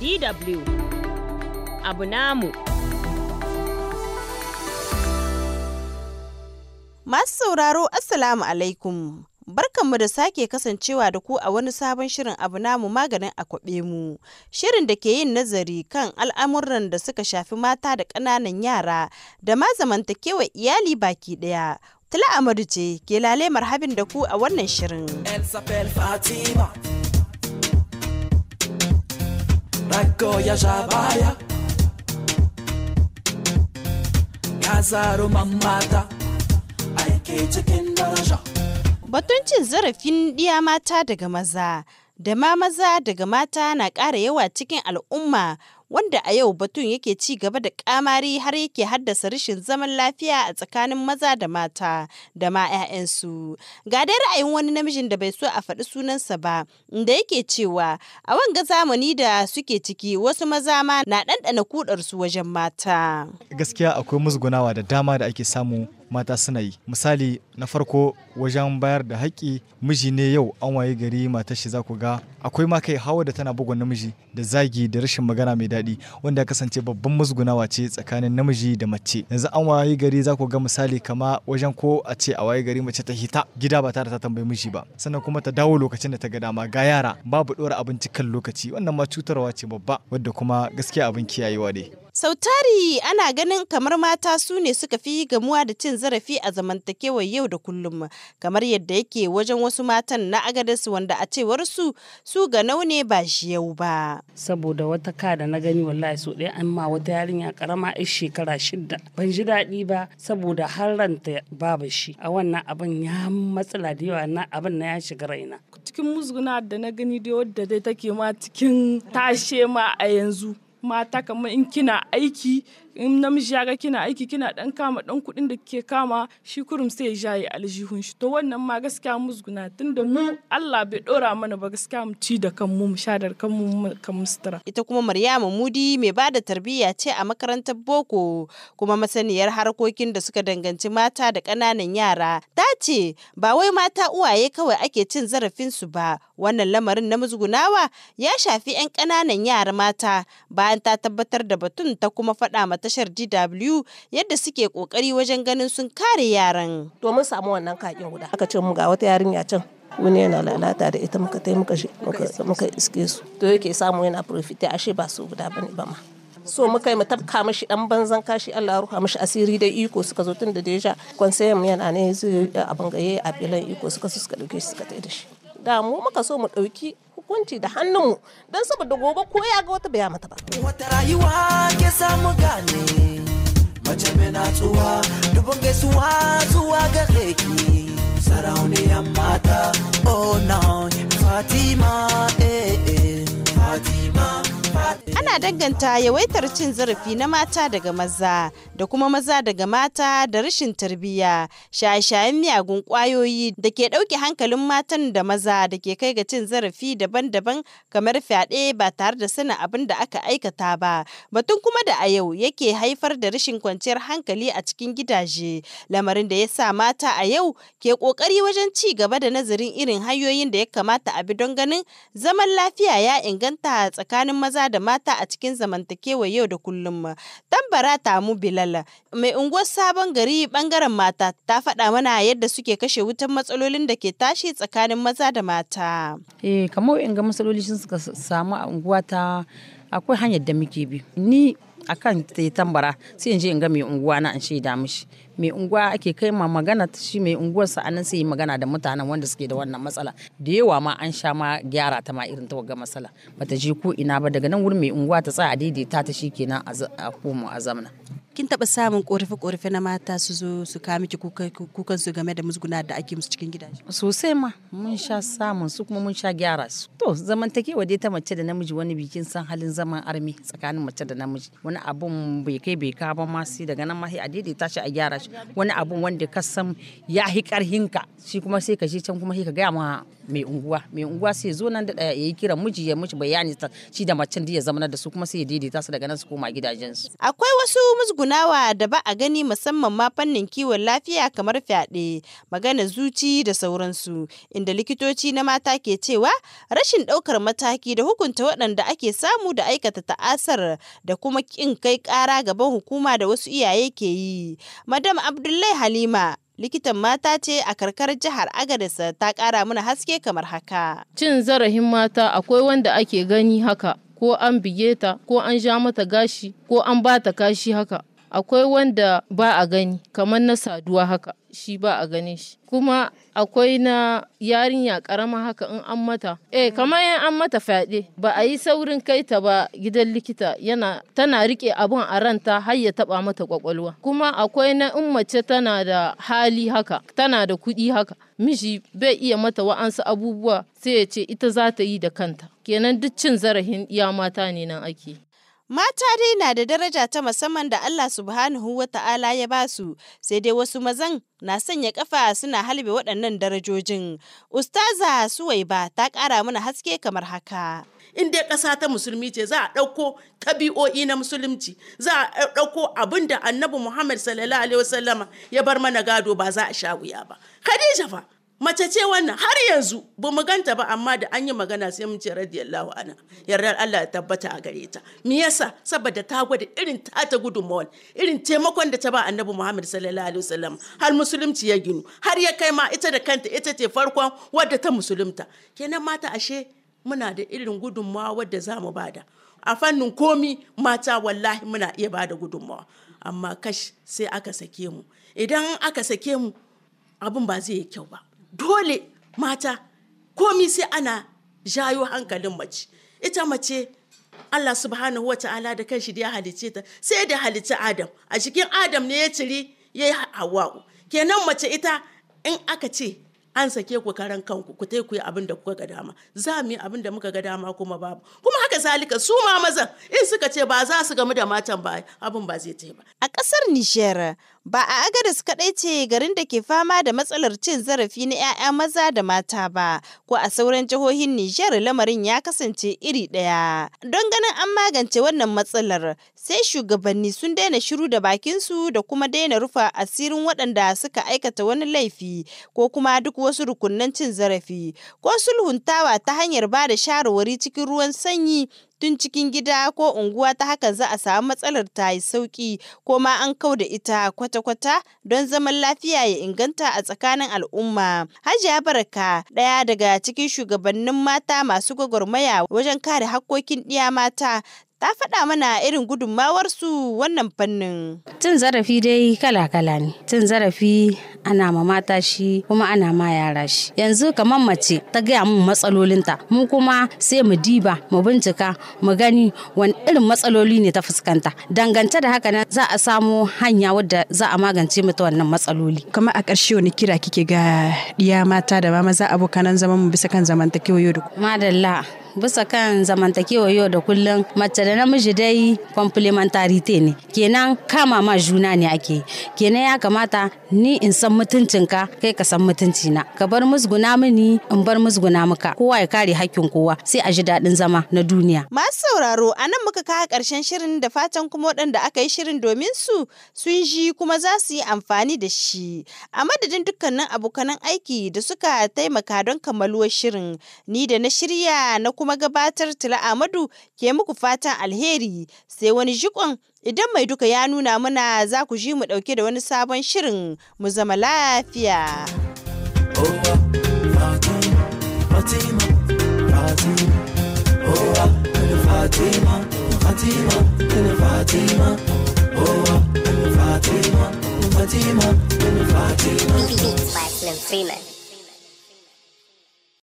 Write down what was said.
DW abu namu. Masu sauraro Assalamu alaikum. Barkanmu da sake kasancewa da ku a wani sabon shirin abu namu maganin kwaɓe mu. Shirin da ke yin nazari kan al'amuran da suka shafi mata da ƙananan yara da ma zamantakewa iyali baki ɗaya. Tala Amadu ce ke lale marhabin da ku a wannan shirin. Nagoya jabaya Kazaro Mamata aiki cikin daraja. Batun cin zarafin ɗiya mata daga maza da ma maza daga mata na ƙara yawa cikin al'umma wanda a yau batun yake ci gaba da kamari har yake haddasa rashin zaman lafiya a tsakanin maza da mata da ma 'ya'yansu. Ga dai ra'ayin wani namijin da bai so a faɗi sunansa ba, inda yake cewa a wanga zamani da suke ciki wasu maza ma na ɗanɗana kudarsu wajen mata. Gaskiya akwai musgunawa da dama da ake samu mata suna yi misali na farko wajen bayar da haƙƙi miji ne yau an waye gari matar shi za ku ga akwai ma kai hawa da tana bugun namiji da zagi da rashin magana mai daɗi wanda ya kasance babban musgunawa ce tsakanin namiji da mace yanzu an waye gari za ku ga misali kama wajen ko a ce a waye gari mace ta hita gida ba tare ta tambayi miji ba sannan kuma ta dawo lokacin da ta ga dama ga yara babu ɗora abinci kan lokaci wannan ma cutarwa ce babba wadda kuma gaskiya abin kiyayewa ne. Sautari ana ganin kamar mata su ne suka fi gamuwa da cin zarafi a zamantakewar yau da kullum kamar yadda yake wajen wasu matan na agadas wanda a cewar su su ga naune ba shi yau ba saboda wata ka da na gani wallahi so ɗaya amma wata yarinya karama a shekara shida ban ji daɗi ba saboda har ranta babu shi a wannan abin ya matsala da yawa na abin na ya shiga raina cikin musguna da na gani da wadda dai take ma cikin tashe ma a yanzu mata kamar in kina aiki in namiji ya ga kina aiki kina dan kama dan kudin da ke kama shi kurum sai ya yi aljihun shi to wannan ma gaskiya musguna tunda mu Allah bai dora mana ba gaskiya mu ci da kanmu mu sha da kanmu kan mustara ita kuma Maryama Mudi mai bada tarbiyya ce a makarantar boko kuma masaniyar harkokin da suka danganci mata da kananan yara ta ce ba wai mata uwaye kawai ake cin zarafin su ba wannan lamarin na musgunawa ya shafi 'yan kananan yara mata bayan ta tabbatar da batun ta kuma faɗa mata tashar DW yadda suke kokari wajen ganin sun kare yaran. Domin samu wannan kakin guda. Aka ce mu ga wata yarinya can wani yana lalata da ita muka taimaka muka iske su to yake samu yana profite ashe ba su guda bane ba ma so muka yi tafka mashi dan banzan kashi Allah ruha mashi asiri da iko suka zo tun da deja konsayam yana ne zai abin gaye a filan iko suka suka dauke shi suka tai da shi da mu muka so mu ɗauki hukunci da hannunmu don saboda gobe ko ya ga wata baya mata ba. Wata rayuwa ke samu gane mace mai tsuwa, dubin gaisuwa zuwa gare ki. inganta yawaitar cin zarafi na mata daga maza da kuma maza daga mata da rashin tarbiyya shaye-shayen miyagun kwayoyi da ke ɗauke hankalin matan da maza da ke kai ga cin zarafi daban-daban kamar fyaɗe ba tare da sanin abin da aka aikata ba batun kuma da a yau yake haifar da rashin kwanciyar hankali a cikin gidaje lamarin da ya sa mata a yau ke ƙoƙari wajen ci gaba da nazarin irin hanyoyin da ya kamata a bi don ganin zaman lafiya ya inganta tsakanin maza da mata a cikin zamantakewa yau da kullum. ma Tambara Tamu Bilal, mai unguwar sabon gari bangaren mata ta faɗa mana yadda suke kashe wutan matsalolin da ke tashi tsakanin maza da mata. Eh, kamar in ga matsaloli sun suka samu a unguwa ta akwai hanyar da muke bi. Ni a kan ta yi tambara sai in je in ga mai unguwa na an shaida mishi mai unguwa ake kai ma magana ta shi mai unguwar sa anan sai yi magana da mutanen wanda suke da wannan matsala da yawa ma an sha ma gyara ta ma irin ta wagga matsala bata je ko ina ba daga nan wurin mai unguwa ta tsaya daidaita ta shi kenan a komo a zamana kin taba samun korafe korafe na mata su zo su ka miki kukan su game da musguna da ake musu cikin gidaje? Sosai ma mun sha samun su kuma mun sha gyara su. To zamantakewa dai ta mace da namiji wani bikin san halin zaman armi tsakanin mace da namiji wani abun bai kai bai ka ba ma sai daga nan ma sai a ta shi a gyara shi wani abun wanda ka san ya hi ka shi kuma sai ka je can kuma sai ka gaya ma mai unguwa mai unguwa sai zo nan da ya yi kira miji ya miji bayani shi da macen da ya zama da su kuma sai ya daidaita su daga nan su koma gidajensu. Akwai wasu musgunawa da ba a gani musamman ma fannin kiwon lafiya kamar fyaɗe magana zuci da sauransu inda likitoci na mata ke cewa rashin ɗaukar mataki da hukunta waɗanda ake samu da aikata ta'asar da kuma kin kai ƙara gaban hukuma da wasu iyaye ke yi. Madam Abdullahi Halima likitan mata ce a karkar jihar agadis ta kara mana haske kamar haka. Cin zarafin mata akwai wanda ake gani haka ko an bige ta ko an ja mata gashi ko an bata kashi haka akwai wanda ba a gani kamar na saduwa haka shi ba a gane shi kuma akwai na yarinya karama haka in an mata eh kamar yin an mata fyaɗe ba a yi saurin kai ta ba gidan likita yana tana rike abun a ranta har ya taba mata kwakwalwa kuma akwai na in mace tana da hali haka tana da kuɗi haka miji bai iya mata wa'ansu abubuwa sai ya ce ita za ta yi da kanta kenan duk cin zarafin iya mata ne nan ake Mata dai na da daraja ta musamman da Allah subhanahu wa ta'ala ya ba su, sai dai wasu mazan na sanya kafa suna halbe waɗannan darajojin. Ustaza Suwaiba ta ƙara mana haske kamar haka. in dai ƙasa ta musulmi ce za a ɗauko ƙabi'oi na musulunci za a ɗauko abin da annabi muhammad sallallahu alaihi wasallama ya bar mana gado ba za a sha wuya ba khadija fa mace ce wannan har yanzu ba mu ganta ba amma da an yi magana sai mun ce radiyallahu ana yardar Allah ya tabbata a gare ta me yasa saboda ta gwada irin ta ta gudunmawar irin taimakon da ta ba annabi Muhammad sallallahu alaihi wasallam har musulunci ya ginu har ya kai ma ita da kanta ita ce farkon wadda ta musulunta kenan mata ashe muna da irin gudunmawa wadda za mu bada a fannin komi mata wallahi muna iya bada gudunmawa amma kash sai aka sake mu idan aka sake mu abin ba zai yi kyau ba dole mata komi sai ana jayo hankalin mace ita mace Allah subhanahu wata'ala da kanshi da ya halicce ta sai da halicci Adam a cikin Adam ne ya ciri ya yi hawa'u kenan mace ita in aka ce an sake ku karan kanku ku tai ku yi abin kuka ga dama za mu yi abin muka ga dama kuma babu kuma haka zalika su ma mazan in suka ce ba za su gamu da matan ba abin ba zai ta ba a ƙasar Nijar Ba a Agadas kaɗai ce garin da ke fama da matsalar cin zarafi na 'ya'ya maza da mata ba, ko a sauran jihohin Nijar lamarin ya kasance iri ɗaya. Don ganin an magance wannan matsalar, sai shugabanni sun daina shiru da bakinsu da kuma daina rufa asirin waɗanda suka aikata wani laifi ko kuma duk wasu rukunnan cin zarafi, ko sulhuntawa ta hanyar ba da shawarwari cikin ruwan sanyi tun cikin gida ko unguwa ta haka za a samu matsalar ta yi sauƙi ko ma an kau da ita kwata-kwata don zaman lafiya ya inganta a tsakanin al'umma. Hajiya Baraka ɗaya daga cikin shugabannin mata masu gwagwarmaya wajen kare hakkokin ɗiya mata ta faɗa mana irin gudummawar su wannan fannin. Cin zarafi dai kala-kala ne. Cin zarafi ana ma mata shi kuma ana ma yara shi. Yanzu kamar mace ta gaya mun matsalolinta, mu kuma sai mu diba, mu bincika, mu gani wani irin matsaloli ne ta fuskanta. Dangance da haka nan za a samu hanya wadda za a magance mata wannan matsaloli. Kamar a ƙarshe wani kira kike ga ɗiya mata da ma maza abokanan zaman mu bisa kan zamantakewa yau da Madalla bisa kan zamantakewa yau da kullum mace da namiji dai complementarity ne kenan kama ma juna ne ake kenan ya kamata ni in san mutuncinka kai ka san na ka bar musguna mini in bar musguna maka kowa ya kare hakkin kowa sai a ji daɗin zama na duniya masu sauraro a nan muka kawo ƙarshen shirin da fatan kuma waɗanda aka yi shirin domin su sun ji kuma za su yi amfani da shi a madadin dukkanin abokanan aiki da suka taimaka don kammaluwar shirin ni da na shirya na kuma kuma gabatar Tila amadu ke muku fatan alheri sai wani jikon idan mai duka ya nuna mana za ku ji mu dauke da wani sabon shirin mu zama lafiya. Fatima, Fatima, Fatima, Fatima, Fatima, Fatima, Fatima,